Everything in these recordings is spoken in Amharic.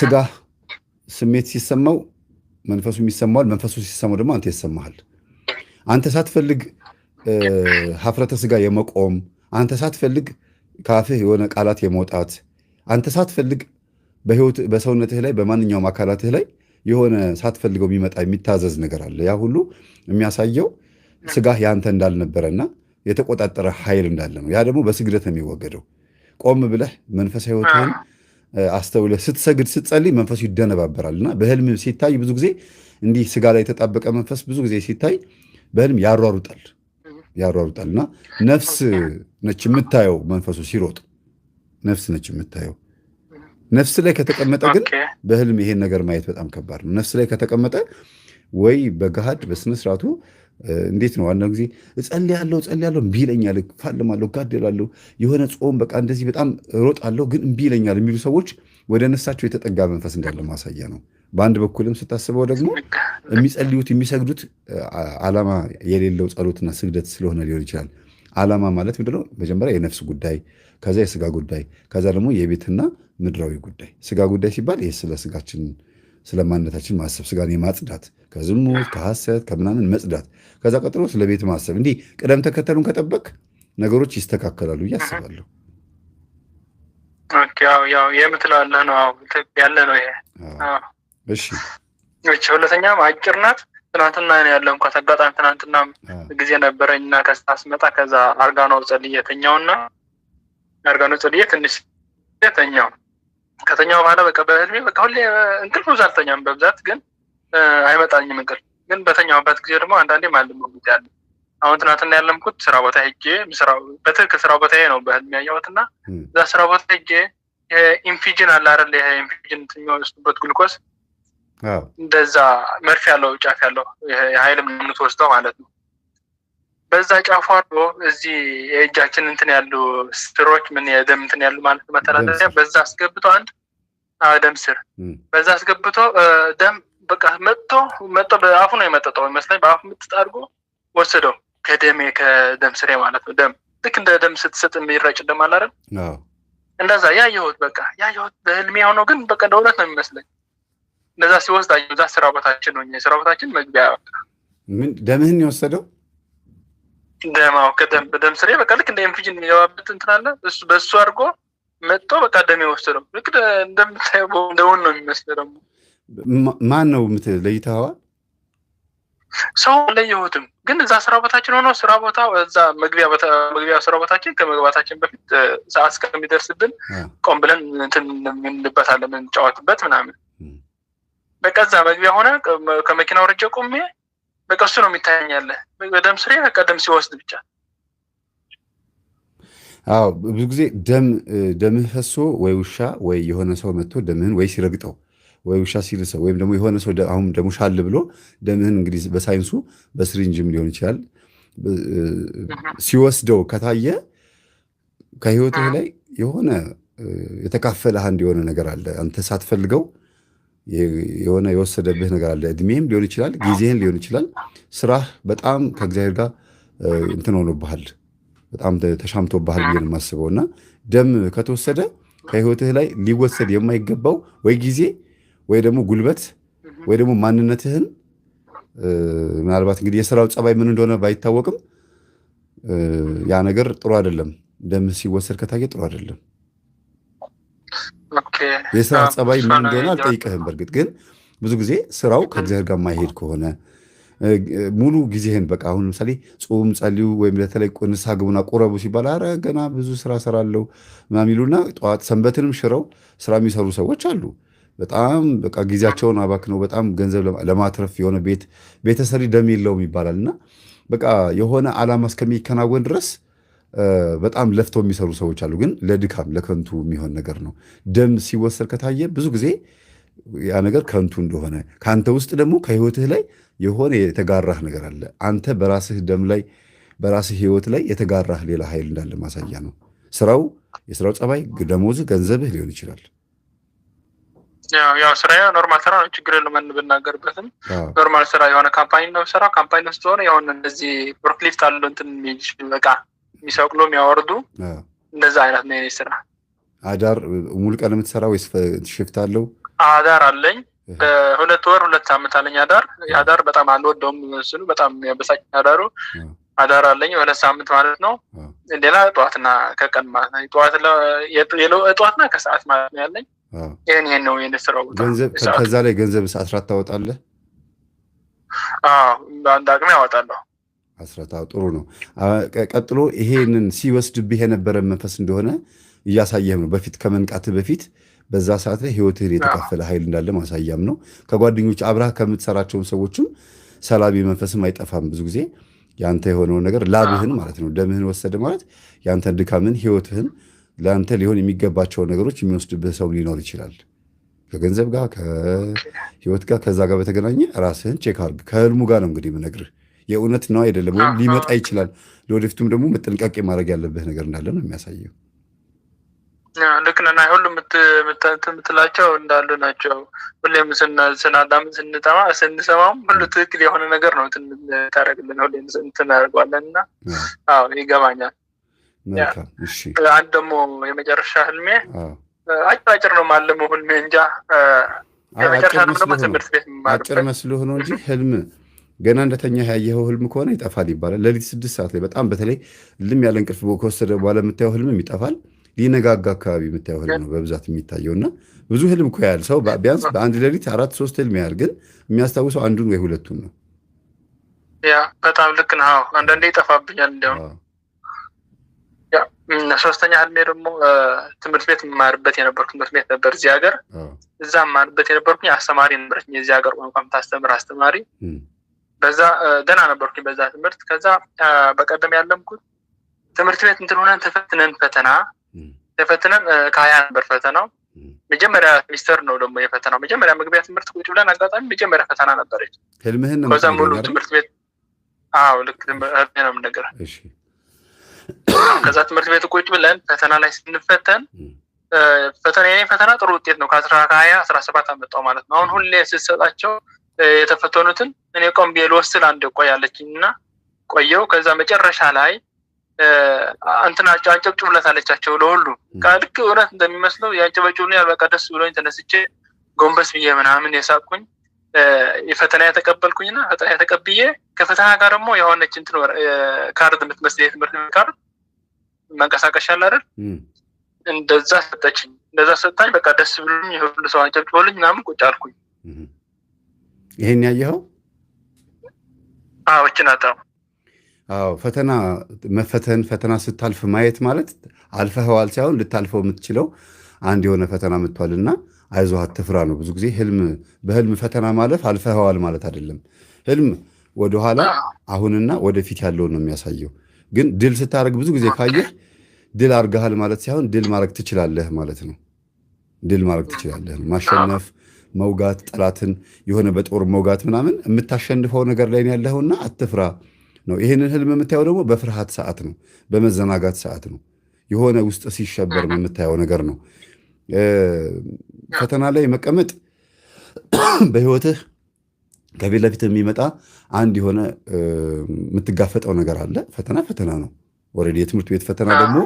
ስጋ ስሜት ሲሰማው መንፈሱ የሚሰማዋል። መንፈሱ ሲሰማው ደግሞ አንተ ይሰማሃል። አንተ ሳትፈልግ ሀፍረተ ስጋ የመቆም አንተ ሳትፈልግ ከአፍህ የሆነ ቃላት የመውጣት አንተ ሳትፈልግ በህይወት በሰውነትህ ላይ በማንኛውም አካላትህ ላይ የሆነ ሳትፈልገው የሚመጣ የሚታዘዝ ነገር አለ። ያ ሁሉ የሚያሳየው ስጋህ ያንተ እንዳልነበረና የተቆጣጠረ ኃይል እንዳለ ነው። ያ ደግሞ በስግደት ነው የሚወገደው። ቆም ብለህ መንፈሳዊ ህይወትህን አስተውለ ስትሰግድ ስትጸልይ መንፈሱ ይደነባበራል እና በህልም ሲታይ ብዙ ጊዜ እንዲህ ስጋ ላይ የተጣበቀ መንፈስ ብዙ ጊዜ ሲታይ በህልም ያሯሩጣል ያሯሩጣል እና ነፍስ ነች የምታየው። መንፈሱ ሲሮጥ ነፍስ ነች የምታየው። ነፍስ ላይ ከተቀመጠ ግን በህልም ይሄን ነገር ማየት በጣም ከባድ ነው። ነፍስ ላይ ከተቀመጠ ወይ በገሃድ በስነስርዓቱ እንዴት ነው ዋናው ጊዜ እጸልያለሁ እጸልያለሁ እምቢ ይለኛል፣ እፋልማለሁ፣ እጋደላለሁ፣ የሆነ ጾም በቃ እንደዚህ በጣም እሮጣለሁ ግን እምቢ ይለኛል የሚሉ ሰዎች ወደ ነፍሳቸው የተጠጋ መንፈስ እንዳለ ማሳያ ነው። በአንድ በኩልም ስታስበው ደግሞ የሚጸልዩት የሚሰግዱት አላማ የሌለው ጸሎትና ስግደት ስለሆነ ሊሆን ይችላል። አላማ ማለት ምንድነው? መጀመሪያ የነፍስ ጉዳይ፣ ከዛ የስጋ ጉዳይ፣ ከዛ ደግሞ የቤትና ምድራዊ ጉዳይ። ስጋ ጉዳይ ሲባል ይህ ስለ ስጋችን ስለማንነታችን ማሰብ ስጋን የማጽዳት ከዝሙት ከሐሰት ከምናምን መጽዳት፣ ከዛ ቀጥሎ ስለ ቤት ማሰብ። እንዲህ ቅደም ተከተሉን ከጠበቅ ነገሮች ይስተካከላሉ ብዬ አስባለሁ። የምትለዋለህ ነው ያለ ነው ይሄ። እሺ ሁለተኛም አጭር ናት። ትናንትና ያለ እንኳ ተጋጣሚ ትናንትና ጊዜ ነበረኝ እና ከስታስመጣ ከዛ አርጋኖ ጸልየተኛው ተኛውና አርጋኖ ጸልየ ትንሽ ተኛው ከተኛው በኋላ በቃ በህልሜ በቃ ሁሌ እንቅልፍ ብዙ በብዛት ግን አይመጣኝም እንቅልፍ። ግን በተኛውበት ጊዜ ደግሞ አንዳንዴ ማልም ጊዜ አለ። አሁን ትናንትና ያለምኩት ስራ ቦታ ሄጄ በትክክል ስራ ቦታ ነው በህልም ያየሁት እና እዛ ስራ ቦታ ሄጄ ኢንፊጅን አለ አይደል? ይሄ ኢንፊጅን የሚወስዱበት ግሉኮስ እንደዛ መርፌ ያለው ጫፍ ያለው የሀይል ምንት ወስደው ማለት ነው። በዛ ጫፉ አርጎ እዚህ የእጃችን እንትን ያሉ ስሮች ምን የደም እንትን ያሉ ማለት መተላለፊያ በዛ አስገብቶ አንድ ደም ስር በዛ አስገብቶ ደም በቃ መጥቶ መጥቶ በአፉ ነው የመጠጠው ይመስለኝ። በአፉ ምጥጥ አድርጎ ወሰደው ከደሜ ከደም ስሬ ማለት ነው። ደም ልክ እንደ ደም ስትሰጥ የሚረጭ ደም አለ እንደዛ ያየሁት በቃ ያየሁት በህልሜ የሆነው ግን በቃ እንደ ነው የሚመስለኝ። እንደዛ ሲወስድ አየሁ። እዛ ስራ ቦታችን ነው የስራ ቦታችን መግቢያ ደምህን የወሰደው ደማው ከደም ስሬ በቃ ልክ እንደ ኤምፊጅን የሚገባበት እንትናለ በእሱ አድርጎ መጥቶ በቃ ደሜ ወሰደው። ልክ እንደምታየው እንደውን ነው የሚመስለው ደግሞ ማን ነው የምትለይተዋል? ሰው አልለየሁትም፣ ግን እዛ ስራ ቦታችን ሆኖ ስራ ቦታ እዛ መግቢያ ስራ ቦታችን ከመግባታችን በፊት ሰዓት እስከሚደርስብን ቆም ብለን እንትን እንበታለን፣ እንጫወትበት ምናምን። በቃ እዛ መግቢያ ሆነ ከመኪና ወረጀ ቆሜ በቃ እሱ ነው የሚታያኛለ በደም ስሬ በቃ ደም ሲወስድ ብቻ። አዎ ብዙ ጊዜ ደም ደምህ ፈሶ ወይ ውሻ ወይ የሆነ ሰው መጥቶ ደምህን ወይ ሲረግጠው ወይ ውሻ ሲልሰው ሰው ወይም ደግሞ የሆነ ሰው አሁን ደግሞ ሻል ብሎ ደምህን እንግዲህ በሳይንሱ በስሪንጅም ሊሆን ይችላል ሲወስደው ከታየ ከህይወትህ ላይ የሆነ የተካፈለህ አንድ የሆነ ነገር አለ። አንተ ሳትፈልገው የሆነ የወሰደብህ ነገር አለ። እድሜህም ሊሆን ይችላል፣ ጊዜህን ሊሆን ይችላል። ስራህ በጣም ከእግዚአብሔር ጋር እንትን ሆኖብሃል፣ በጣም ተሻምቶብሃል ብዬ ነው የማስበው እና ደም ከተወሰደ ከህይወትህ ላይ ሊወሰድ የማይገባው ወይ ጊዜ ወይ ደግሞ ጉልበት ወይ ደግሞ ማንነትህን ምናልባት እንግዲህ የስራው ጸባይ ምን እንደሆነ ባይታወቅም ያ ነገር ጥሩ አይደለም። ደም ሲወሰድ ከታየ ጥሩ አይደለም። የስራ ጸባይ ምን እንደሆነ አልጠይቀህም። በእርግጥ ግን ብዙ ጊዜ ስራው ከእግዚአብሔር ጋር ማሄድ ከሆነ ሙሉ ጊዜህን በቃ አሁን ለምሳሌ ጾም ጸልዩ፣ ወይም በተለይ ንስሐ ግቡና ቁረቡ ሲባል አረ ገና ብዙ ስራ ስራለው ምናምን ይሉና ጠዋት ሰንበትንም ሽረው ስራ የሚሰሩ ሰዎች አሉ። በጣም በቃ ጊዜያቸውን አባክነው በጣም ገንዘብ ለማትረፍ የሆነ ቤት ቤተሰሪ ደም የለውም ይባላል እና በቃ የሆነ ዓላማ እስከሚከናወን ድረስ በጣም ለፍተው የሚሰሩ ሰዎች አሉ። ግን ለድካም ለከንቱ የሚሆን ነገር ነው። ደም ሲወሰድ ከታየ ብዙ ጊዜ ያ ነገር ከንቱ እንደሆነ ከአንተ ውስጥ ደግሞ ከህይወትህ ላይ የሆነ የተጋራህ ነገር አለ። አንተ በራስህ ደም ላይ በራስህ ህይወት ላይ የተጋራህ ሌላ ኃይል እንዳለ ማሳያ ነው። ስራው የስራው ጸባይ፣ ደሞዝህ፣ ገንዘብህ ሊሆን ይችላል። ያው ስራ ኖርማል ስራ ነው። ችግር የለም ብናገርበትም ኖርማል ስራ የሆነ ካምፓኒ ነው ስራ ካምፓኒ ውስጥ ሆነ የሆነ እንደዚህ ብሮክሊፍት አለ እንትን በቃ የሚሰቅሉ የሚያወርዱ እንደዛ አይነት ነው የእኔ ስራ። አዳር ሙሉ ቀን የምትሰራ ወይስ ሽፍት አለው? አዳር አለኝ ሁለት ወር ሁለት ሳምንት አለኝ። አዳር አዳር በጣም አልወደውም ስሉ በጣም ያበሳጭ አዳሩ አዳር አለኝ ሁለት ሳምንት ማለት ነው። ሌላ ጠዋትና ከቀን ማለት ነው። ጠዋትና ከሰዓት ማለት ነው ያለኝ ይህን ይህን ነው የስራው ከዛ ላይ ገንዘብ አስራት ታወጣለህ? በአንድ አቅሜ ያወጣለሁ። አስራት ጥሩ ነው። ቀጥሎ ይሄንን ሲወስድብህ የነበረ መንፈስ እንደሆነ እያሳየህም ነው። በፊት ከመንቃትህ በፊት በዛ ሰዓት ላይ ህይወትህን የተካፈለ ኃይል እንዳለ ማሳያም ነው። ከጓደኞች አብራህ ከምትሰራቸውም ሰዎችም ሰላቢ መንፈስም አይጠፋም። ብዙ ጊዜ ያንተ የሆነውን ነገር ላብህን ማለት ነው፣ ደምህን ወሰደ ማለት ያንተን ድካምን ህይወትህን ለአንተ ሊሆን የሚገባቸውን ነገሮች የሚወስድብህ ሰው ሊኖር ይችላል። ከገንዘብ ጋር፣ ከህይወት ጋር፣ ከዛ ጋር በተገናኘ ራስህን ቼክ አድርግ። ከህልሙ ጋር ነው እንግዲህ የምነግርህ የእውነት ነው አይደለም ወይም ሊመጣ ይችላል። ለወደፊቱም ደግሞ መጠንቃቄ ማድረግ ያለብህ ነገር እንዳለ ነው የሚያሳየው። ልክ ነህ። ሁሉም የምትላቸው እንዳሉ ናቸው። ሁሌም ስናዳምን ስንጠማ ስንሰማም ሁሉ ትክክል የሆነ ነገር ነው ታደረግልን ሁ እናደርገዋለን እና ይገባኛል። መልካም እሺ። አንድ ደግሞ የመጨረሻ ህልሜ አጭር አጭር ነው ማለሙ ህልሜ እንጃ አጭር መስሎ ነው እንጂ ህልም ገና እንደተኛ ያየኸው ህልም ከሆነ ይጠፋል ይባላል። ሌሊት ስድስት ሰዓት ላይ በጣም በተለይ ልም ያለ እንቅልፍ ከወሰደ በኋላ የምታየው ህልምም ይጠፋል። ሊነጋጋ አካባቢ የምታየው ህልም ነው በብዛት የሚታየው እና ብዙ ህልም እኮ ያህል ሰው ቢያንስ በአንድ ሌሊት አራት ሶስት ህልም ያህል ግን የሚያስታውሰው አንዱን ወይ ሁለቱን ነው። ያ በጣም ልክ ነው። አንዳንዴ ይጠፋብኛል እንዲያውም ሶስተኛ ህልሜ ደግሞ ትምህርት ቤት የማርበት የነበርኩ ትምህርት ቤት ነበር እዚህ ሀገር። እዛ ማርበት የነበርኩኝ አስተማሪ ነበረች፣ የዚህ ሀገር ቋንቋ ምታስተምር አስተማሪ። በዛ ደና ነበርኩኝ በዛ ትምህርት። ከዛ በቀደም ያለምኩት ትምህርት ቤት እንትን ሆነን ተፈትነን ፈተና ተፈትነን ከሀያ ነበር ፈተናው። መጀመሪያ ሚስተር ነው ደግሞ የፈተናው መጀመሪያ መግቢያ ትምህርት ቁጭ ብለን አጋጣሚ መጀመሪያ ፈተና ነበረች። ህልምህን ነው ከዛም ሁሉ ትምህርት ቤት አዎ ልክ ነው ነገር ከዛ ትምህርት ቤት ቁጭ ብለን ፈተና ላይ ስንፈተን ፈተና የኔ ፈተና ጥሩ ውጤት ነው ከአስራ ከሀያ አስራ ሰባት አመጣው ማለት ነው። አሁን ሁሌ ስሰጣቸው የተፈተኑትን እኔ ቆም ብዬ ልወስድ አንድ ቆያለችኝ እና ቆየው ከዛ መጨረሻ ላይ እንትናቸው አንጨብጭቡለት አለቻቸው ለሁሉ ከልክ እውነት እንደሚመስለው የአንጨበጭ ያልበቃ ደስ ብሎኝ ተነስቼ ጎንበስ ብዬ ምናምን የሳቁኝ የፈተና የተቀበልኩኝና ፈተና የተቀብዬ ከፈተና ጋር ደግሞ የሆነች እንትን ካርድ የምትመስል የትምህርት ካርድ መንቀሳቀሻ አለ አይደል? እንደዛ ሰጠችኝ። እንደዛ ሰጣኝ። በቃ ደስ ብሎኝ የሁሉ ሰው አጨብጭቦልኝ ምናምን ቁጭ አልኩኝ። ይሄን ያየኸው? አዎችን አጣው። አዎ፣ ፈተና መፈተን ፈተና ስታልፍ ማየት ማለት አልፈኸዋል ሳይሆን ልታልፈው የምትችለው አንድ የሆነ ፈተና እና አይዞ አትፍራ ነው። ብዙ ጊዜ ህልም በህልም ፈተና ማለፍ አልፈኸዋል ማለት አይደለም። ህልም ወደኋላ አሁንና ወደፊት ያለውን ነው የሚያሳየው። ግን ድል ስታደርግ ብዙ ጊዜ ካየህ ድል አድርገሃል ማለት ሳይሆን ድል ማድረግ ትችላለህ ማለት ነው። ድል ማድረግ ትችላለህ ማሸነፍ፣ መውጋት፣ ጠላትን የሆነ በጦር መውጋት ምናምን የምታሸንፈው ነገር ላይ ያለውና አትፍራ ነው። ይህንን ህልም የምታየው ደግሞ በፍርሃት ሰዓት ነው፣ በመዘናጋት ሰዓት ነው። የሆነ ውስጥ ሲሸበር የምታየው ነገር ነው። ፈተና ላይ መቀመጥ በህይወትህ ከፊት ለፊት የሚመጣ አንድ የሆነ የምትጋፈጠው ነገር አለ። ፈተና ፈተና ነው። ኦልሬዲ የትምህርት ቤት ፈተና ደግሞ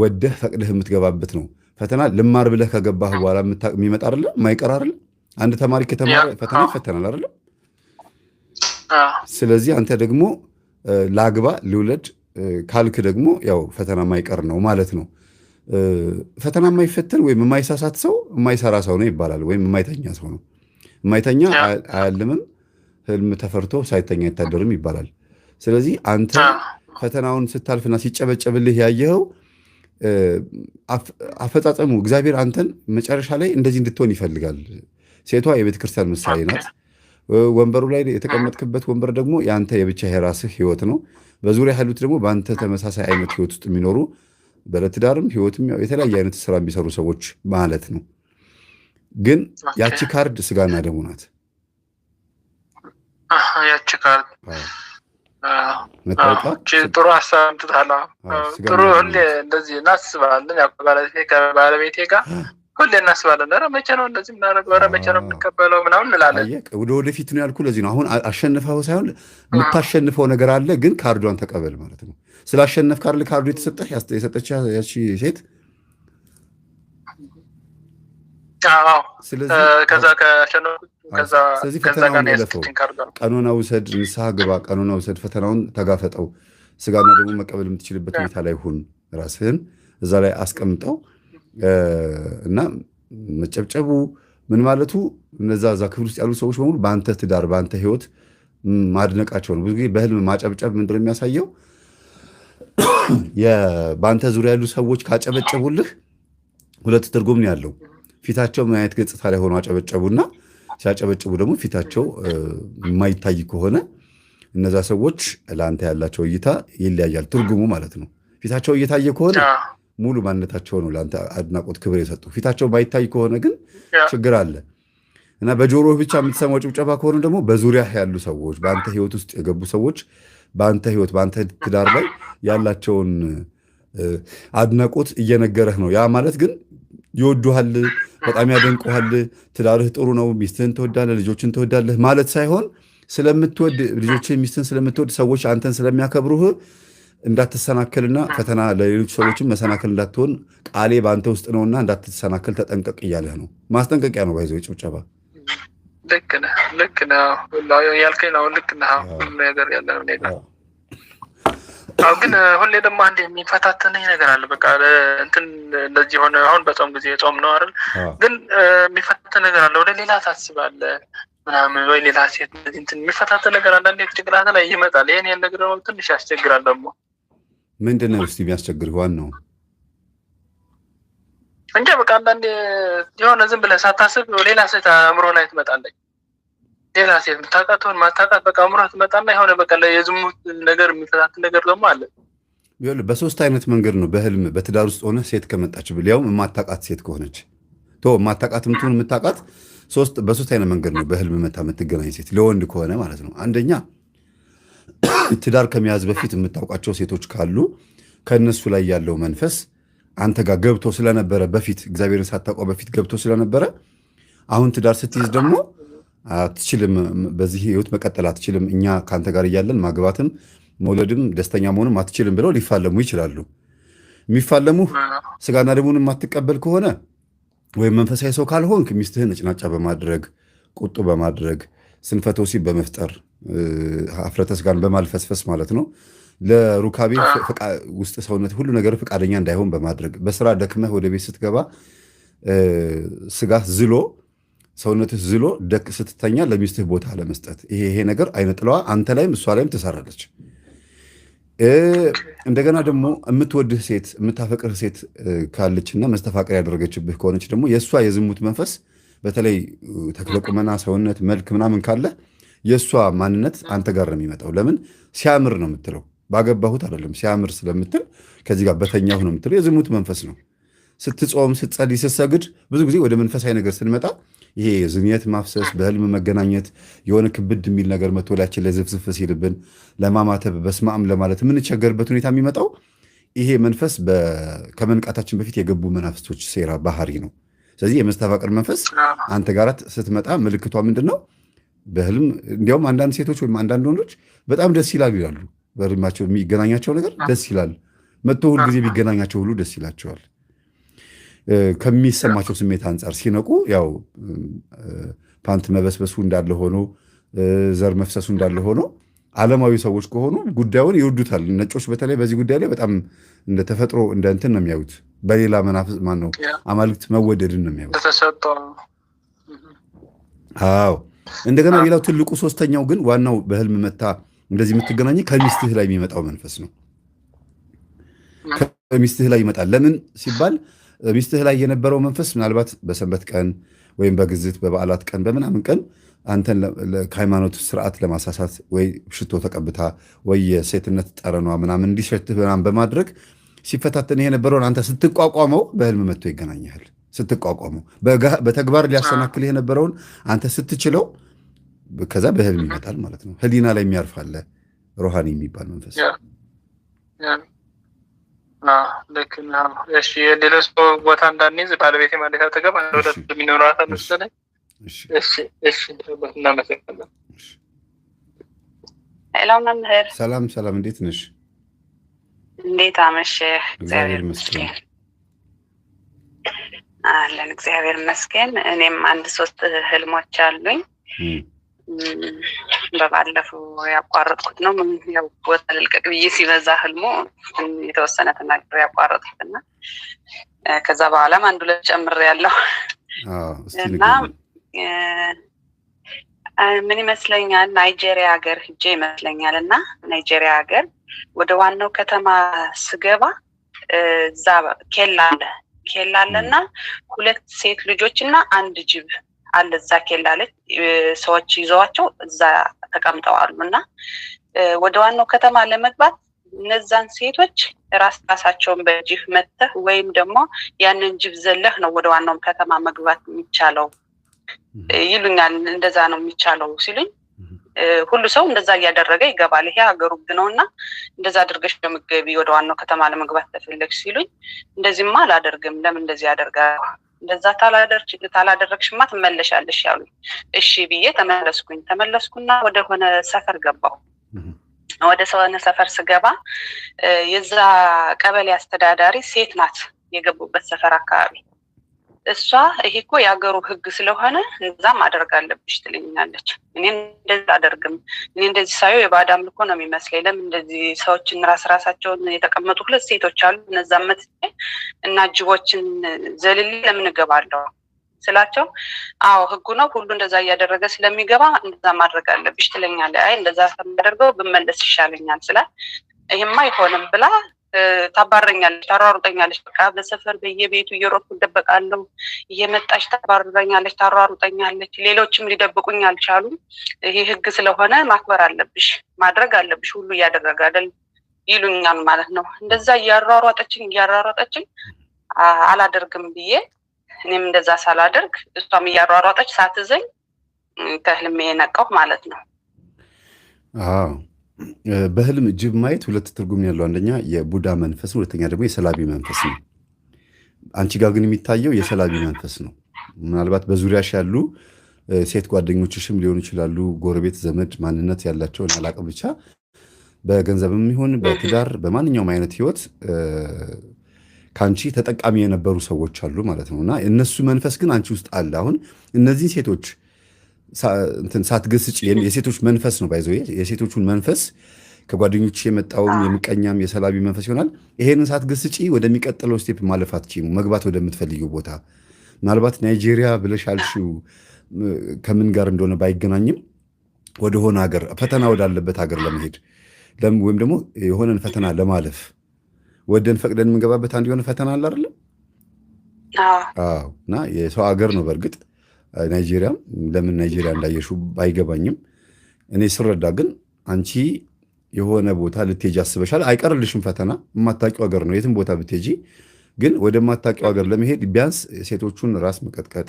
ወደህ ፈቅደህ የምትገባበት ነው። ፈተና ልማር ብለህ ከገባህ በኋላ የሚመጣ አይደለ ማይቀር አይደለ አንድ ተማሪ ከተማረ ፈተና ይፈተናል አይደለ። ስለዚህ አንተ ደግሞ ላግባ ልውለድ ካልክ ደግሞ ያው ፈተና ማይቀር ነው ማለት ነው። ፈተና የማይፈተን ወይም የማይሳሳት ሰው የማይሰራ ሰው ነው ይባላል። ወይም የማይተኛ ሰው ነው። የማይተኛ አያልምም፣ ህልም ተፈርቶ ሳይተኛ አይታደርም ይባላል። ስለዚህ አንተ ፈተናውን ስታልፍና ሲጨበጨብልህ ያየኸው አፈጻጸሙ እግዚአብሔር አንተን መጨረሻ ላይ እንደዚህ እንድትሆን ይፈልጋል። ሴቷ የቤተክርስቲያን ምሳሌ ናት። ወንበሩ ላይ የተቀመጥክበት ወንበር ደግሞ የአንተ የብቻ የራስህ ህይወት ነው። በዙሪያ ያሉት ደግሞ በአንተ ተመሳሳይ አይነት ህይወት ውስጥ የሚኖሩ በለትዳርም ህይወትም የተለያየ አይነት ስራ የሚሰሩ ሰዎች ማለት ነው። ግን ያቺ ካርድ ስጋና ደሙ ናት። ያቺ ካርድ ጥሩ ሀሳብ ጥሩ እንደዚህ እናስባለን ባለቤቴ ጋር ሁሌ እናስባለን፣ ኧረ መቼ ነው እንደዚህ የምናደርገው? ኧረ መቼ ነው የምንቀበለው? ምናምን እንላለን። ወደ ወደፊት ነው ያልኩህ ለዚህ ነው። አሁን አሸንፈው ሳይሆን የምታሸንፈው ነገር አለ፣ ግን ካርዷን ተቀበል ማለት ነው። ስላሸነፍ ካርል ካርዱ የተሰጠህ የሰጠች ያቺ ሴት። ስለዚህ ፈተናውን ያለፈው ቀኖና ውሰድ፣ ንስሐ ግባ፣ ቀኖና ውሰድ፣ ፈተናውን ተጋፈጠው። ስጋና ደግሞ መቀበል የምትችልበት ሁኔታ ላይ ሁን፣ ራስህን እዛ ላይ አስቀምጠው እና መጨብጨቡ ምን ማለቱ እነዛ እዛ ክፍል ውስጥ ያሉ ሰዎች በሙሉ በአንተ ትዳር በአንተ ህይወት ማድነቃቸው ነው። ብዙ ጊዜ በህልም ማጨብጨብ ምንድን ነው የሚያሳየው? በአንተ ዙሪያ ያሉ ሰዎች ካጨበጨቡልህ ሁለት ትርጉም ነው ያለው። ፊታቸው ምን አይነት ገጽታ ላይ ሆኖ አጨበጨቡና ሲያጨበጭቡ ደግሞ ፊታቸው የማይታይ ከሆነ እነዛ ሰዎች ለአንተ ያላቸው እይታ ይለያያል፣ ትርጉሙ ማለት ነው። ፊታቸው እየታየ ከሆነ ሙሉ ማንነታቸው ነው ለአንተ አድናቆት፣ ክብር የሰጡ ፊታቸው ባይታይ ከሆነ ግን ችግር አለ እና በጆሮ ብቻ የምትሰማው ጭብጨባ ከሆነ ደግሞ በዙሪያ ያሉ ሰዎች፣ በአንተ ህይወት ውስጥ የገቡ ሰዎች በአንተ ህይወት በአንተ ትዳር ላይ ያላቸውን አድናቆት እየነገረህ ነው። ያ ማለት ግን ይወዱሃል፣ በጣም ያደንቁሃል፣ ትዳርህ ጥሩ ነው፣ ሚስትህን ትወዳለህ፣ ልጆችን ትወዳለህ ማለት ሳይሆን ስለምትወድ ልጆችን ሚስትን ስለምትወድ ሰዎች አንተን ስለሚያከብሩህ እንዳትሰናከልና ፈተና ለሌሎች ሰዎችም መሰናከል እንዳትሆን ቃሌ በአንተ ውስጥ ነውና እንዳትሰናከል ተጠንቀቅ እያለህ ነው። ማስጠንቀቂያ ነው። ባይዘ ጭብጨባ ልክ ነህ፣ ልክ ነህ ያልከኝ ነው። ልክ ነህ። ሁሉ ነገር ያለ ሁኔታ አሁ ግን ሁሌ ደግሞ አንድ የሚፈታተነኝ ነገር አለ። በቃ እንትን እንደዚህ የሆነ አሁን በጾም ጊዜ ጾም ነው አይደል? ግን የሚፈታተን ነገር አለ። ወደ ሌላ ታስባለህ ምናምን ወይ ሌላ ሴት እንትን የሚፈታተን ነገር አንዳንዴ ጭንቅላት ላይ ይመጣል። ይህን ነገር ደግሞ ትንሽ ያስቸግራል ደግሞ ምንድን ነው እስቲ የሚያስቸግር ዋን ነው እንጂ በቃ አንዳንድ የሆነ ዝም ብለህ ሳታስብ ሌላ ሴት አእምሮ ላይ ትመጣለች። ሌላ ሴት የምታውቃትሆን ማታውቃት በቃ አእምሮ ትመጣና የሆነ በቃ የዝሙት ነገር የሚከታተል ነገር ደግሞ አለ። በሶስት አይነት መንገድ ነው በህልም በትዳር ውስጥ ሆነ ሴት ከመጣች ብል ያውም የማታውቃት ሴት ከሆነች ቶ የማታውቃት የምትሆን የምታውቃት በሶስት አይነት መንገድ ነው በህልም መታ የምትገናኝ ሴት ለወንድ ከሆነ ማለት ነው አንደኛ ትዳር ከመያዝ በፊት የምታውቃቸው ሴቶች ካሉ ከእነሱ ላይ ያለው መንፈስ አንተ ጋር ገብቶ ስለነበረ በፊት እግዚአብሔርን ሳታውቀው በፊት ገብቶ ስለነበረ አሁን ትዳር ስትይዝ ደግሞ አትችልም፣ በዚህ ህይወት መቀጠል አትችልም፣ እኛ ከአንተ ጋር እያለን ማግባትም መውለድም ደስተኛ መሆንም አትችልም ብለው ሊፋለሙ ይችላሉ። የሚፋለሙ ስጋና ደሙን የማትቀበል ከሆነ ወይም መንፈሳዊ ሰው ካልሆንክ ሚስትህን እጭናጫ በማድረግ ቁጡ በማድረግ ስንፈተ ወሲብ በመፍጠር አፍረተ ስጋን በማልፈስፈስ ማለት ነው። ለሩካቤ ውስጥ ሰውነት ሁሉ ነገር ፈቃደኛ እንዳይሆን በማድረግ በስራ ደክመህ ወደ ቤት ስትገባ ስጋ ዝሎ ሰውነትህ ዝሎ ደክ ስትተኛ ለሚስትህ ቦታ ለመስጠት ይሄ ነገር አይነጥለዋ አንተ ላይም እሷ ላይም ትሰራለች። እንደገና ደግሞ የምትወድህ ሴት የምታፈቅርህ ሴት ካለችና መስተፋቅር ያደረገችብህ ከሆነች ደግሞ የእሷ የዝሙት መንፈስ በተለይ ተክለቁመና፣ ሰውነት፣ መልክ ምናምን ካለ የእሷ ማንነት አንተ ጋር ነው የሚመጣው። ለምን ሲያምር ነው የምትለው፣ ባገባሁት አይደለም ሲያምር ስለምትል ከዚህ ጋር በተኛሁ ነው የምትለው። የዝሙት መንፈስ ነው። ስትጾም፣ ስትጸልይ፣ ስትሰግድ ብዙ ጊዜ ወደ መንፈሳዊ ነገር ስንመጣ ይሄ ዝንየት ማፍሰስ፣ በህልም መገናኘት፣ የሆነ ክብድ የሚል ነገር መቶላችን ለዝፍዝፍ ሲልብን ለማማተብ በስማም ለማለት የምንቸገርበት ሁኔታ የሚመጣው ይሄ መንፈስ ከመንቃታችን በፊት የገቡ መናፍስቶች ሴራ ባህሪ ነው። ስለዚህ የመስተፋቅር መንፈስ አንተ ጋራት ስትመጣ ምልክቷ ምንድን ነው? በህልም እንዲያውም አንዳንድ ሴቶች ወይም አንዳንድ ወንዶች በጣም ደስ ይላሉ ይላሉ። በህልማቸው የሚገናኛቸው ነገር ደስ ይላል። መጥቶ ጊዜ የሚገናኛቸው ሁሉ ደስ ይላቸዋል። ከሚሰማቸው ስሜት አንጻር ሲነቁ ያው ፓንት መበስበሱ እንዳለ ሆኖ ዘር መፍሰሱ እንዳለ ሆኖ ዓለማዊ ሰዎች ከሆኑ ጉዳዩን ይወዱታል። ነጮች በተለይ በዚህ ጉዳይ ላይ በጣም እንደ ተፈጥሮ እንደ እንትን ነው የሚያዩት። በሌላ መናፍስ ማን ነው አማልክት መወደድን ነው የሚያዩት። አዎ እንደገና ሌላው ትልቁ ሶስተኛው ግን ዋናው በህልም መታ እንደዚህ የምትገናኝ ከሚስትህ ላይ የሚመጣው መንፈስ ነው። ከሚስትህ ላይ ይመጣል። ለምን ሲባል ሚስትህ ላይ የነበረው መንፈስ ምናልባት በሰንበት ቀን ወይም በግዝት በበዓላት ቀን በምናምን ቀን አንተን ከሃይማኖት ስርዓት ለማሳሳት ወይ ሽቶ ተቀብታ ወይ የሴትነት ጠረኗ ምናምን እንዲሸትህ ምናምን በማድረግ ሲፈታተን የነበረውን አንተ ስትቋቋመው በህልም መጥቶ ይገናኛል። ስትቋቋሙ በተግባር ሊያሰናክል የነበረውን አንተ ስትችለው ከዛ በህልም ይመጣል ማለት ነው። ህሊና ላይ የሚያርፋለ ሮሃኒ የሚባል መንፈስ የሌለ ሰው ቦታ እንዳንይዝ ባለቤት ማለት አጠገብ የሚኖራት መሰለኝ። ሰላም ሰላም፣ እንዴት ነሽ? እንዴት አመሸህ? እግዚአብሔር ይመስገን። አለን እግዚአብሔር ይመስገን። እኔም አንድ ሶስት ህልሞች አሉኝ። በባለፈው ያቋረጥኩት ነው ያው ቦታ ልልቀቅ ብዬ ሲበዛ ህልሙ የተወሰነ ተናግሬ ያቋረጥኩት እና ከዛ በኋላም አንድ ሁለት ጨምር ያለው እና ምን ይመስለኛል ናይጄሪያ ሀገር ሂጄ ይመስለኛል እና ናይጄሪያ ሀገር ወደ ዋናው ከተማ ስገባ እዛ ኬላ አለ ኬላ አለና ሁለት ሴት ልጆች እና አንድ ጅብ አለ እዛ ኬላ ላይ ሰዎች ይዘዋቸው እዛ ተቀምጠው እና ወደ ዋናው ከተማ ለመግባት እነዛን ሴቶች ራስ ራሳቸውን በጅህ መተህ ወይም ደግሞ ያንን ጅብ ዘለህ ነው ወደ ዋናውም ከተማ መግባት የሚቻለው ይሉኛል። እንደዛ ነው የሚቻለው ሲሉኝ ሁሉ ሰው እንደዛ እያደረገ ይገባል። ይሄ ሀገሩ ግ ነው እና እንደዛ አድርገሽ ለምገቢ ወደ ዋናው ከተማ ለመግባት ተፈለግ ሲሉኝ እንደዚህማ አላደርግም፣ ለምን እንደዚህ ያደርጋ እንደዛ ታላደረግሽማ ትመለሻለሽ ያሉ፣ እሺ ብዬ ተመለስኩኝ። ተመለስኩና ሆነ ሰፈር ገባሁ። ወደ ሰሆነ ሰፈር ስገባ የዛ ቀበሌ አስተዳዳሪ ሴት ናት። የገቡበት ሰፈር አካባቢ እሷ ይሄ እኮ የሀገሩ ህግ ስለሆነ እዛም አደርግ አለብሽ ትለኛለች። እኔ እንደዚህ አደርግም። እኔ እንደዚህ ሳየው የባዕድ አምልኮ ነው የሚመስለኝ። ለምን እንደዚህ ሰዎችን ራስ ራሳቸውን የተቀመጡ ሁለት ሴቶች አሉ። እነዛ መት እና ጅቦችን ዘልሌ ለምን እገባለሁ ስላቸው፣ አዎ ህጉ ነው ሁሉ እንደዛ እያደረገ ስለሚገባ እንደዛ ማድረግ አለብሽ ትለኛለች። አይ እንደዛ ከማደርገው ብመለስ ይሻለኛል ስላል ይህማ አይሆንም ብላ ታባረኛለች፣ ታሯሩጠኛለች። በቃ በሰፈር በየቤቱ እየሮጥኩ እደበቃለሁ። እየመጣች ታባረኛለች፣ ታሯሩጠኛለች። ሌሎችም ሊደብቁኝ አልቻሉም። ይሄ ህግ ስለሆነ ማክበር አለብሽ፣ ማድረግ አለብሽ፣ ሁሉ እያደረገ አይደል ይሉኛል ማለት ነው። እንደዛ እያሯሯጠችኝ እያሯሯጠችኝ አላደርግም ብዬ እኔም እንደዛ ሳላደርግ እሷም እያሯሯጠች ሳትዘኝ ከህልሜ ነቃሁ ማለት ነው። በህልም ጅብ ማየት ሁለት ትርጉም ያለው፣ አንደኛ የቡዳ መንፈስ ነው፣ ሁለተኛ ደግሞ የሰላቢ መንፈስ ነው። አንቺ ጋር ግን የሚታየው የሰላቢ መንፈስ ነው። ምናልባት በዙሪያሽ ያሉ ሴት ጓደኞችሽም ሊሆኑ ይችላሉ፣ ጎረቤት፣ ዘመድ፣ ማንነት ያላቸውን አላቅም፣ ብቻ በገንዘብም ይሁን በትዳር በማንኛውም አይነት ህይወት ከአንቺ ተጠቃሚ የነበሩ ሰዎች አሉ ማለት ነው እና እነሱ መንፈስ ግን አንቺ ውስጥ አለ። አሁን እነዚህን ሴቶች ሳትገስጭ የሴቶች መንፈስ ነው ባይዘ የሴቶቹን መንፈስ ከጓደኞች የመጣውም የምቀኛም የሰላቢ መንፈስ ይሆናል። ይሄንን ሳትገስጪ ወደሚቀጥለው ስቴፕ ማለፍ አትችይም። መግባት ወደምትፈልጊው ቦታ ምናልባት ናይጄሪያ ብለሽ ከምን ጋር እንደሆነ ባይገናኝም ወደሆነ ሀገር ፈተና ወዳለበት ሀገር ለመሄድ ወይም ደግሞ የሆነን ፈተና ለማለፍ ወደን ፈቅደን የምንገባበት አንድ የሆነ ፈተና አለ አይደለም እና የሰው ሀገር ነው በእርግጥ ናይጄሪያ ለምን ናይጄሪያ እንዳየሹ አይገባኝም። እኔ ስረዳ ግን አንቺ የሆነ ቦታ ልትሄጂ አስበሻል፣ አይቀርልሽም ፈተና። የማታውቂው ሀገር ነው። የትም ቦታ ብትሄጂ ግን ወደማታውቂው ሀገር ለመሄድ ቢያንስ ሴቶቹን ራስ መቀጥቀጥ፣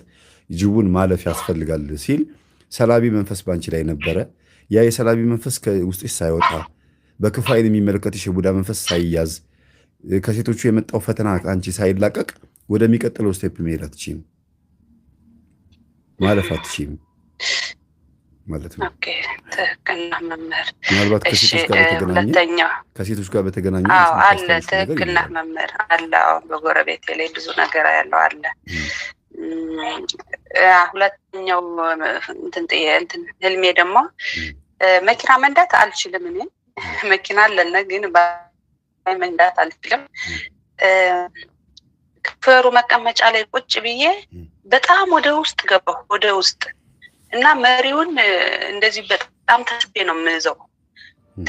ጅቡን ማለፍ ያስፈልጋል ሲል ሰላቢ መንፈስ በአንቺ ላይ ነበረ። ያ የሰላቢ መንፈስ ከውስጥሽ ሳይወጣ በክፉ ዓይን የሚመለከትሽ የቡዳ መንፈስ ሳይያዝ ከሴቶቹ የመጣው ፈተና አንቺ ሳይላቀቅ ወደሚቀጥለው ስቴፕ መሄድ አትችይም። ማለፍ አትችም ማለት ነው። ትክክልና መምህር ምናልባት ከሴቶች ጋር በተገናኘ አለ። ትክክልና መምህር አለ። በጎረቤቴ ላይ ብዙ ነገር ያለው አለ። ሁለተኛው እንትን ህልሜ ደግሞ መኪና መንዳት አልችልም። እኔ መኪና አለነ ግን መንዳት አልችልም። ክፍሩ መቀመጫ ላይ ቁጭ ብዬ በጣም ወደ ውስጥ ገባሁ፣ ወደ ውስጥ እና መሪውን እንደዚህ በጣም ተስቤ ነው የምንዘው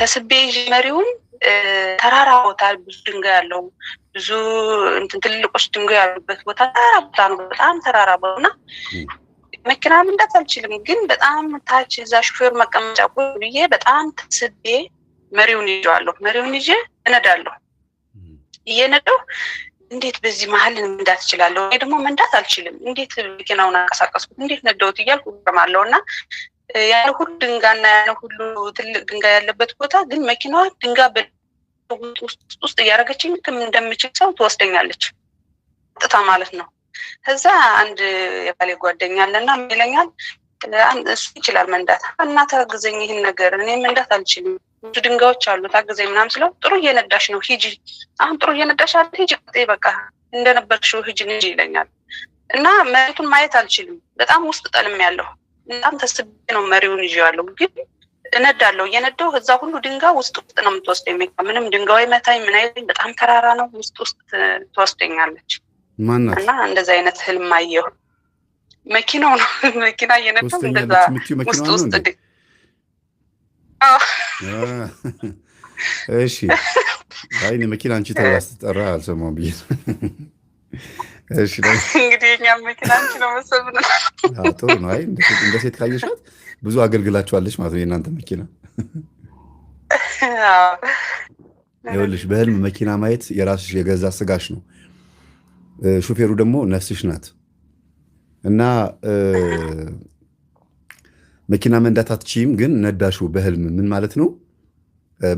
ተስቤ መሪውን ተራራ ቦታ ብዙ ድንጋይ ያለው ብዙ እንትን ትልልቆች ድንጋይ ያሉበት ቦታ ተራራ ቦታ ነው፣ በጣም ተራራ ቦታና መኪና መንዳት አልችልም፣ ግን በጣም ታች እዛ ሹፌር መቀመጫ ብዬ በጣም ተስቤ መሪውን ይዤዋለሁ። መሪውን ይዤ እነዳለሁ እየነዳሁ እንዴት በዚህ መሀል እንዳት እችላለሁ? ወይ ደግሞ መንዳት አልችልም፣ እንዴት መኪናውን አንቀሳቀስኩት? እንዴት ነዳሁት? እያልኩ እገረማለሁ። እና ያለ ሁሉ ድንጋይና ያለ ሁሉ ትልቅ ድንጋይ ያለበት ቦታ ግን መኪናዋ ድንጋይ ውስጥ ውስጥ እያደረገችኝ ክም እንደምችል ሰው ትወስደኛለች፣ ጥታ ማለት ነው። ከዛ አንድ የባሌ ጓደኛ አለና ይለኛል፣ እሱ ይችላል መንዳት እና ይህን ነገር እኔ መንዳት አልችልም ብዙ ድንጋዮች አሉ ታግዘኝ ምናምን ስለው ጥሩ እየነዳሽ ነው ሂጂ፣ አሁን ጥሩ እየነዳሽ አለ ሂጂ፣ ቀጥይ በቃ እንደነበርሽው ሂጂ ሂጂ ይለኛል። እና መሬቱን ማየት አልችልም። በጣም ውስጥ ጠልም ያለሁ በጣም ተስቤ ነው መሪውን ይዤ ያለው ግን እነዳለው እየነዳው እዛ ሁሉ ድንጋ ውስጥ ውስጥ ነው የምትወስደኝ። ምንም ድንጋይ መታኝ ምን አይልም። በጣም ተራራ ነው፣ ውስጥ ውስጥ ትወስደኛለች። እና እንደዛ አይነት ህልም አየሁ። መኪናው ነው መኪና እየነዳው እንደዛ ውስጥ ውስጥ እሺ አይ እኔ መኪና አንቺ ተብላ ስትጠራ አልሰማሁም ብዬሽ ነው። እሺ እንግዲህ የእኛም መኪና አንቺ ነው መሰብነ ጥሩ ነው። አይ እንደ ሴት ካየሻት ብዙ አገልግላችኋለች ማለት ነው የእናንተ መኪና። ይኸውልሽ በህልም መኪና ማየት የራስሽ የገዛ ስጋሽ ነው፣ ሹፌሩ ደግሞ ነፍስሽ ናት እና መኪና መንዳት አትችይም፣ ግን ነዳሹ በህልም ምን ማለት ነው?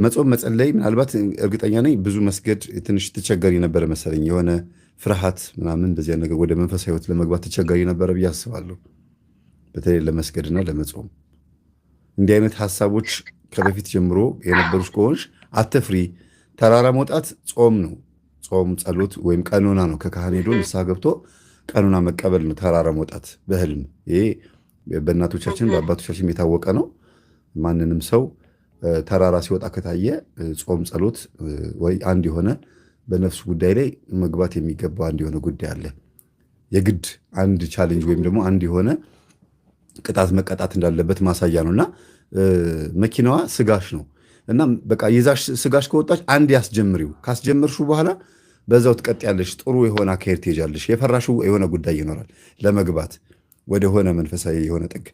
መጾም መጸለይ፣ ምናልባት እርግጠኛ ነኝ ብዙ መስገድ ትንሽ ትቸገሪ ነበረ መሰለኝ። የሆነ ፍርሃት ምናምን በዚያ ነገር ወደ መንፈሳዊ ህይወት ለመግባት ትቸገሪ ነበረ ብዬ አስባለሁ። በተለይ ለመስገድና ለመጾም እንዲህ አይነት ሀሳቦች ከበፊት ጀምሮ የነበሩ ከሆንሽ አትፍሪ። ተራራ መውጣት ጾም ነው። ጾም ጸሎት፣ ወይም ቀኖና ነው። ከካህን ሄዶ ንስሐ ገብቶ ቀኖና መቀበል ነው ተራራ መውጣት በህልም ይሄ በእናቶቻችን በአባቶቻችን የታወቀ ነው። ማንንም ሰው ተራራ ሲወጣ ከታየ ጾም፣ ጸሎት ወይ አንድ የሆነ በነፍሱ ጉዳይ ላይ መግባት የሚገባው አንድ የሆነ ጉዳይ አለ። የግድ አንድ ቻሌንጅ ወይም ደግሞ አንድ የሆነ ቅጣት መቀጣት እንዳለበት ማሳያ ነው እና መኪናዋ ስጋሽ ነው እና በቃ የዛሽ ስጋሽ ከወጣች አንድ ያስጀምሪው። ካስጀምርሹ በኋላ በዛው ትቀጥያለሽ። ጥሩ የሆነ አካሄድ ትሄጃለሽ። የፈራሹ የሆነ ጉዳይ ይኖራል ለመግባት ወደሆነ መንፈሳዊ የሆነ ጥግ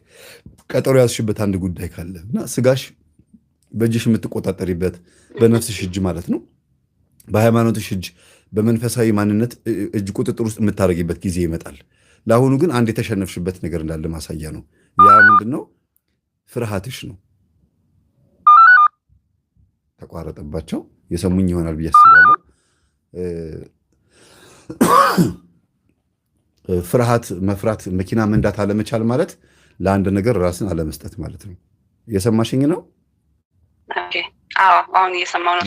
ቀጠሮ ያዝሽበት አንድ ጉዳይ ካለ እና ስጋሽ በእጅሽ የምትቆጣጠሪበት በነፍስሽ እጅ ማለት ነው፣ በሃይማኖትሽ እጅ፣ በመንፈሳዊ ማንነት እጅ ቁጥጥር ውስጥ የምታደርጊበት ጊዜ ይመጣል። ለአሁኑ ግን አንድ የተሸነፍሽበት ነገር እንዳለ ማሳያ ነው። ያ ምንድን ነው? ፍርሃትሽ ነው። ተቋረጠባቸው። የሰሙኝ ይሆናል ብዬ አስባለሁ። ፍርሃት፣ መፍራት፣ መኪና መንዳት አለመቻል ማለት ለአንድ ነገር ራስን አለመስጠት ማለት ነው። እየሰማሽኝ ነው?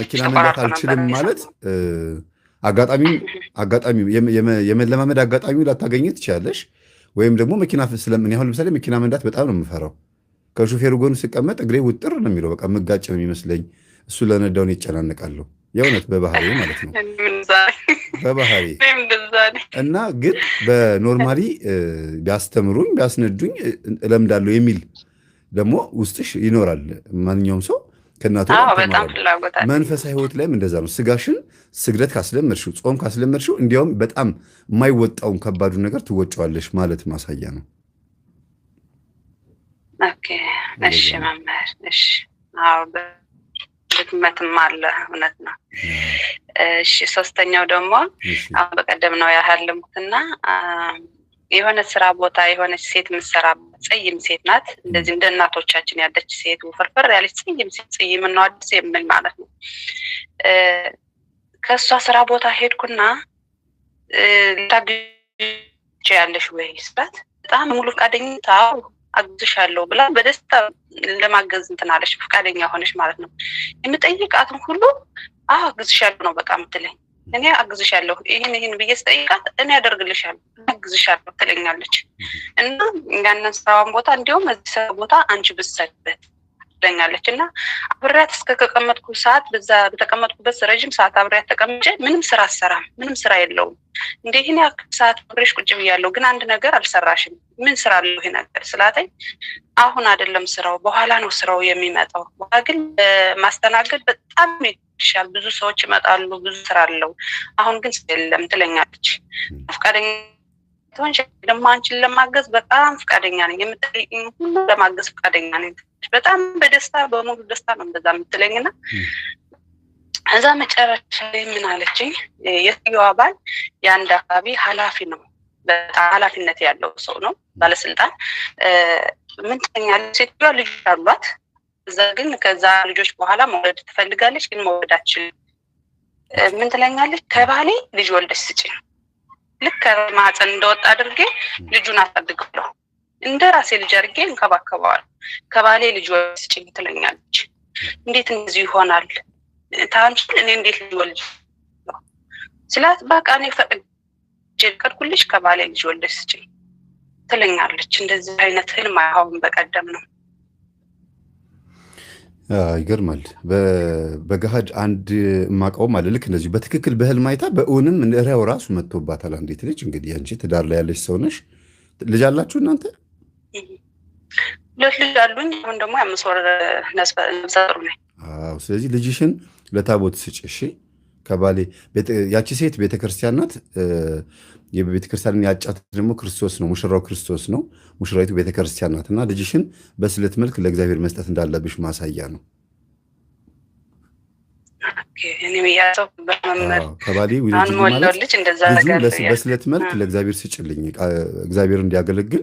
መኪና መንዳት አልችልም ማለት የመለማመድ አጋጣሚው ላታገኝ ትችላለሽ። ወይም ደግሞ መኪና ስለምን ያሁን ለምሳሌ መኪና መንዳት በጣም ነው የምፈራው። ከሹፌሩ ጎን ስቀመጥ እግሬ ውጥር ነው የሚለው። በቃ ምጋጭ ነው የሚመስለኝ። እሱ ለነዳውን ይጨናነቃለሁ። የእውነት በባህሪ ማለት ነው በባህሪ እና ግን በኖርማሊ ቢያስተምሩኝ ቢያስነዱኝ እለምዳለሁ የሚል ደግሞ ውስጥሽ ይኖራል። ማንኛውም ሰው ከእናቱ መንፈሳዊ ህይወት ላይም እንደዛ ነው። ስጋሽን ስግደት ካስለመድሽው፣ ጾም ካስለመድሽው እንዲያውም በጣም የማይወጣውን ከባዱ ነገር ትወጫዋለሽ ማለት ማሳያ ነው። እሺ መምህር፣ እሺ ድክመትም አለ። እውነት ነው። እሺ፣ ሶስተኛው ደግሞ አሁን በቀደም ነው ያለሙትና የሆነ ስራ ቦታ የሆነች ሴት የምትሰራ ጽይም ሴት ናት። እንደዚህ እንደ እናቶቻችን ያለች ሴት ውፍርፍር ያለች ጽይም ሴት ጽይም ነው አዲስ የምል ማለት ነው። ከእሷ ስራ ቦታ ሄድኩና ታግ ያለሽ ወይ ስላት በጣም ሙሉ ታው አግዝሻለሁ ብላ በደስታ ለማገዝ እንትን አለች፣ ፈቃደኛ ሆነች ማለት ነው። የምጠይቃትን ሁሉ አዎ አግዝሻለሁ ነው በቃ የምትለኝ። እኔ አግዝሻለሁ ይህን ይህን ብዬ ስጠይቃት እኔ አደርግልሻለሁ አግዝሻለሁ ትለኛለች። እና ያንን ስራዋን ቦታ እንዲሁም እዚህ ቦታ አንቺ ብትሰሪበት ትለኛለች እና አብሬያት እስከ ከቀመጥኩ ሰዓት በዛ በተቀመጥኩበት ረዥም ሰዓት አብሬያት ተቀምጬ ምንም ስራ አሰራም፣ ምንም ስራ የለውም። እንደ ይህን ያክል ሰዓት አብሬሽ ቁጭ ብያለሁ፣ ግን አንድ ነገር አልሰራሽም። ምን ስራ አለው ይሄ ነገር ስላተኝ፣ አሁን አይደለም ስራው በኋላ ነው ስራው የሚመጣው። በኋላ ግን ማስተናገድ በጣም ይሻል። ብዙ ሰዎች ይመጣሉ፣ ብዙ ስራ አለው። አሁን ግን የለም ትለኛለች ፈቃደኛ ትሆን ደግሞ አንቺን ለማገዝ በጣም ፈቃደኛ ነኝ። የምትለኝ ሁሉ ለማገዝ ፈቃደኛ ነኝ። በጣም በደስታ በሙሉ ደስታ ነው እንደዛ የምትለኝ እና እዛ መጨረሻ ላይ ምን አለችኝ፣ የትየዋ ባል የአንድ አካባቢ ኃላፊ ነው፣ በጣም ኃላፊነት ያለው ሰው ነው፣ ባለስልጣን። ምን ትለኛለች ሴትዮዋ፣ ልጆች አሏት። እዛ ግን ከዛ ልጆች በኋላ መውለድ ትፈልጋለች፣ ግን መውለድ አትችልም። ምን ትለኛለች፣ ከባሌ ልጅ ወልደች ስጭኝ ልክ ከማህፀን እንደወጣ አድርጌ ልጁን አሳድገዋለሁ። እንደ ራሴ ልጅ አድርጌ እንከባከበዋል። ከባሌ ልጅ ወስጭኝ ትለኛለች። እንዴት እንደዚህ ይሆናል? ታንችን እኔ እንዴት ልጅ ወልጅ ስላት በቃ እኔ ፈቅጄልሽ ከባሌ ልጅ ወልደሽ ስጭኝ ትለኛለች። እንደዚህ አይነት ህልም አሁን በቀደም ነው ይገርማል። በገሃድ አንድ ማቃወም አለ። ልክ እንደዚሁ በትክክል በህልም አይታ በእውንም እሪያው ራሱ መጥቶባታል። አንዲት ልጅ እንግዲህ አንቺ ትዳር ላይ ያለች ሰው ነሽ። ልጅ አላችሁ እናንተ? ሁለት ልጅ አሉኝ። አሁን ደግሞ የአምስት ወር ነብሰሩ ነኝ። ስለዚህ ልጅሽን ለታቦት ስጭ እሺ። ከባሌ ያቺ ሴት ቤተክርስቲያን ናት የቤተክርስቲያንን ያጫት ደግሞ ክርስቶስ ነው፣ ሙሽራው ክርስቶስ ነው። ሙሽራዊቱ ቤተክርስቲያን ናት እና ልጅሽን በስለት መልክ ለእግዚአብሔር መስጠት እንዳለብሽ ማሳያ ነው። ከባሌ በስለት መልክ ለእግዚአብሔር ስጭልኝ፣ እግዚአብሔር እንዲያገለግል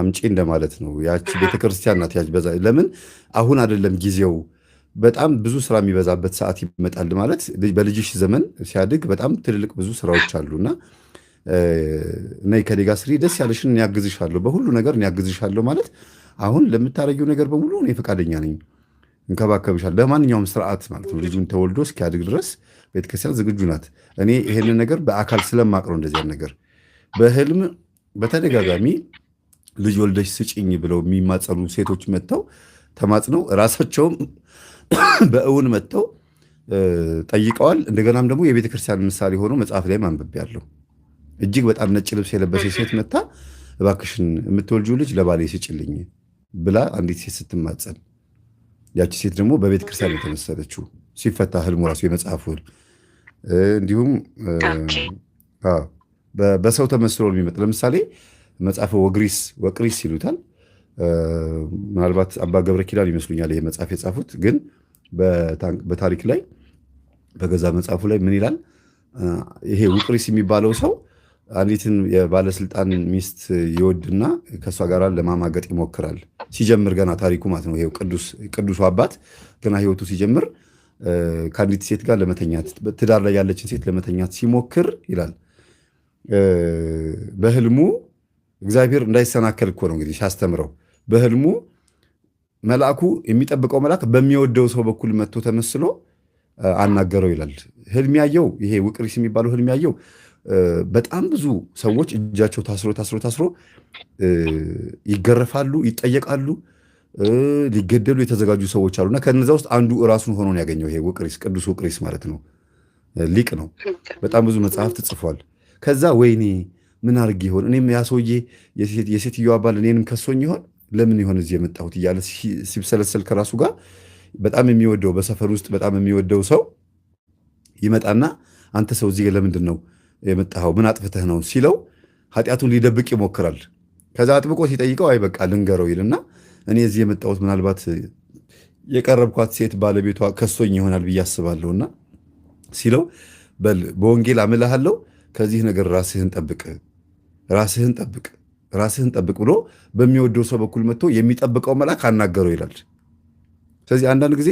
አምጪ እንደማለት ነው። ያቺ ቤተክርስቲያን ናት። ለምን አሁን አይደለም ጊዜው በጣም ብዙ ስራ የሚበዛበት ሰዓት ይመጣል። ማለት በልጅሽ ዘመን ሲያድግ በጣም ትልልቅ ብዙ ስራዎች አሉ እና ነይ ከኔ ጋር ስሪ፣ ደስ ያለሽን እኔ አግዝሻለሁ፣ በሁሉ ነገር እኔ አግዝሻለሁ ማለት አሁን ለምታረጊው ነገር በሙሉ እኔ ፈቃደኛ ነኝ፣ እንከባከብሻለሁ። ለማንኛውም ስርዓት ማለት ነው። ልጁን ተወልዶ እስኪያድግ ድረስ ቤተክርስቲያን ዝግጁ ናት። እኔ ይህን ነገር በአካል ስለማቅረው እንደዚያን ነገር በህልም በተደጋጋሚ ልጅ ወልደሽ ስጭኝ ብለው የሚማጸኑ ሴቶች መጥተው ተማጽነው ራሳቸውም በእውን መጥተው ጠይቀዋል። እንደገናም ደግሞ የቤተክርስቲያን ምሳሌ ሆኖ መጽሐፍ ላይ ማንበብ ያለው እጅግ በጣም ነጭ ልብስ የለበሰ ሴት መታ እባክሽን የምትወልጂው ልጅ ለባሌ ስጭልኝ ብላ አንዲት ሴት ስትማጸን፣ ያቺ ሴት ደግሞ በቤተ ክርስቲያን የተመሰለችው ሲፈታ ህልሙ ራሱ የመጽሐፉ ህልም እንዲሁም በሰው ተመስሎ የሚመጣ ለምሳሌ መጽሐፈ ወግሪስ ወቅሪስ ይሉታል። ምናልባት አባ ገብረ ኪዳን ይመስሉኛል ይህ መጽሐፍ የጻፉት። ግን በታሪክ ላይ በገዛ መጽሐፉ ላይ ምን ይላል? ይሄ ውቅሪስ የሚባለው ሰው አንዲትን የባለስልጣን ሚስት ይወድና ከእሷ ጋር ለማማገጥ ይሞክራል። ሲጀምር ገና ታሪኩ ማለት ነው። ይኸው ቅዱሱ አባት ገና ህይወቱ ሲጀምር ከአንዲት ሴት ጋር ለመተኛት ትዳር ላይ ያለችን ሴት ለመተኛት ሲሞክር ይላል በህልሙ እግዚአብሔር እንዳይሰናከል እኮ ነው እንግዲህ ሲያስተምረው በህልሙ መልአኩ የሚጠብቀው መልአክ በሚወደው ሰው በኩል መጥቶ ተመስሎ አናገረው ይላል። ህልም ያየው ይሄ ውቅሪስ የሚባለው ህልም ያየው በጣም ብዙ ሰዎች እጃቸው ታስሮ ታስሮ ታስሮ ይገረፋሉ፣ ይጠየቃሉ፣ ሊገደሉ የተዘጋጁ ሰዎች አሉ እና ከነዚ ውስጥ አንዱ እራሱን ሆኖ ነው ያገኘው። ይሄ ውቅሪስ ቅዱስ ውቅሪስ ማለት ነው። ሊቅ ነው። በጣም ብዙ መጽሐፍት ጽፏል። ከዛ ወይኔ ምን አድርግ ይሆን እኔም ያ ሰውዬ የሴትዮዋ ባል እኔንም ከሶኝ ይሆን ለምን ይሆን እዚህ የመጣሁት እያለ ሲብሰለሰል ከራሱ ጋር በጣም የሚወደው በሰፈር ውስጥ በጣም የሚወደው ሰው ይመጣና አንተ ሰው እዚህ ለምንድን ነው የመጣኸው ምን አጥፍተህ ነው ሲለው ኃጢአቱን ሊደብቅ ይሞክራል። ከዛ አጥብቆ ሲጠይቀው አይ በቃ ልንገረው ይልና እኔ እዚህ የመጣሁት ምናልባት የቀረብኳት ሴት ባለቤቷ ከሶኝ ይሆናል ብዬ አስባለሁና ሲለው በል በወንጌል አምልሃለሁ፣ ከዚህ ነገር ራስህን ጠብቅ፣ ራስህን ጠብቅ፣ ራስህን ጠብቅ ብሎ በሚወደው ሰው በኩል መጥቶ የሚጠብቀው መልአክ አናገረው ይላል። ስለዚህ አንዳንድ ጊዜ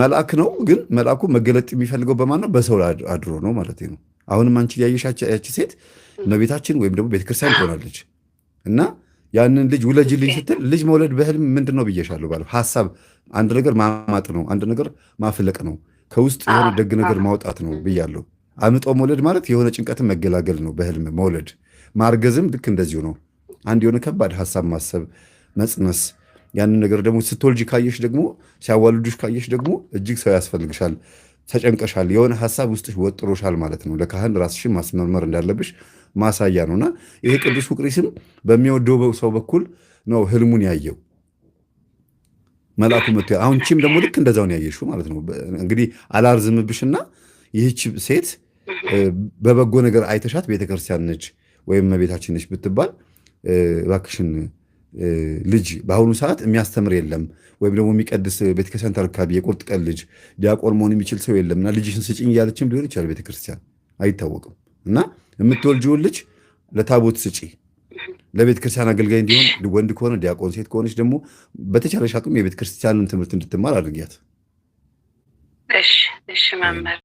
መልአክ ነው፣ ግን መልአኩ መገለጥ የሚፈልገው በማን ነው? በሰው አድሮ ነው ማለት ነው። አሁንም አንቺ ያየሻቸው ያቺ ሴት እመቤታችን ወይም ደግሞ ቤተክርስቲያን ትሆናለች እና ያንን ልጅ ውለጅልኝ ስትል ልጅ መውለድ በህልም ምንድን ነው ብዬሻለሁ ባለ ሀሳብ አንድ ነገር ማማጥ ነው፣ አንድ ነገር ማፍለቅ ነው፣ ከውስጥ የሆነ ደግ ነገር ማውጣት ነው ብያለሁ። አምጦ መውለድ ማለት የሆነ ጭንቀትን መገላገል ነው በህልም መውለድ። ማርገዝም ልክ እንደዚሁ ነው። አንድ የሆነ ከባድ ሀሳብ ማሰብ፣ መጽነስ ያንን ነገር ደግሞ ስትወልጅ ካየሽ ደግሞ ሲያዋልዱሽ ካየሽ ደግሞ እጅግ ሰው ያስፈልግሻል። ተጨንቀሻል፣ የሆነ ሀሳብ ውስጥሽ ወጥሮሻል ማለት ነው። ለካህን ራስሽ ማስመርመር እንዳለብሽ ማሳያ ነውና ይሄ ቅዱስ ቁቅሪስም በሚወደው ሰው በኩል ነው ህልሙን ያየው መልአኩ መጥቶ አሁን ቺም ደግሞ ልክ እንደዛውን ያየሽው ማለት ነው። እንግዲህ አላርዝምብሽና ይህች ሴት በበጎ ነገር አይተሻት ቤተክርስቲያን ነች ወይም እመቤታችን ነች ብትባል እባክሽን ልጅ በአሁኑ ሰዓት የሚያስተምር የለም፣ ወይም ደግሞ የሚቀድስ ቤተክርስቲያን ተረካቢ የቁርጥ ቀን ልጅ ዲያቆን መሆን የሚችል ሰው የለም እና ልጅሽን ስጭኝ እያለችም ሊሆን ይችላል ቤተክርስቲያን አይታወቅም። እና የምትወልጅውን ልጅ ለታቦት ስጪ፣ ለቤተክርስቲያን አገልጋይ እንዲሆን ወንድ ከሆነ ዲያቆን፣ ሴት ከሆነች ደግሞ በተቻለሽ አቅም የቤተክርስቲያንን ትምህርት እንድትማር አድርጊያት። እሺ መምህር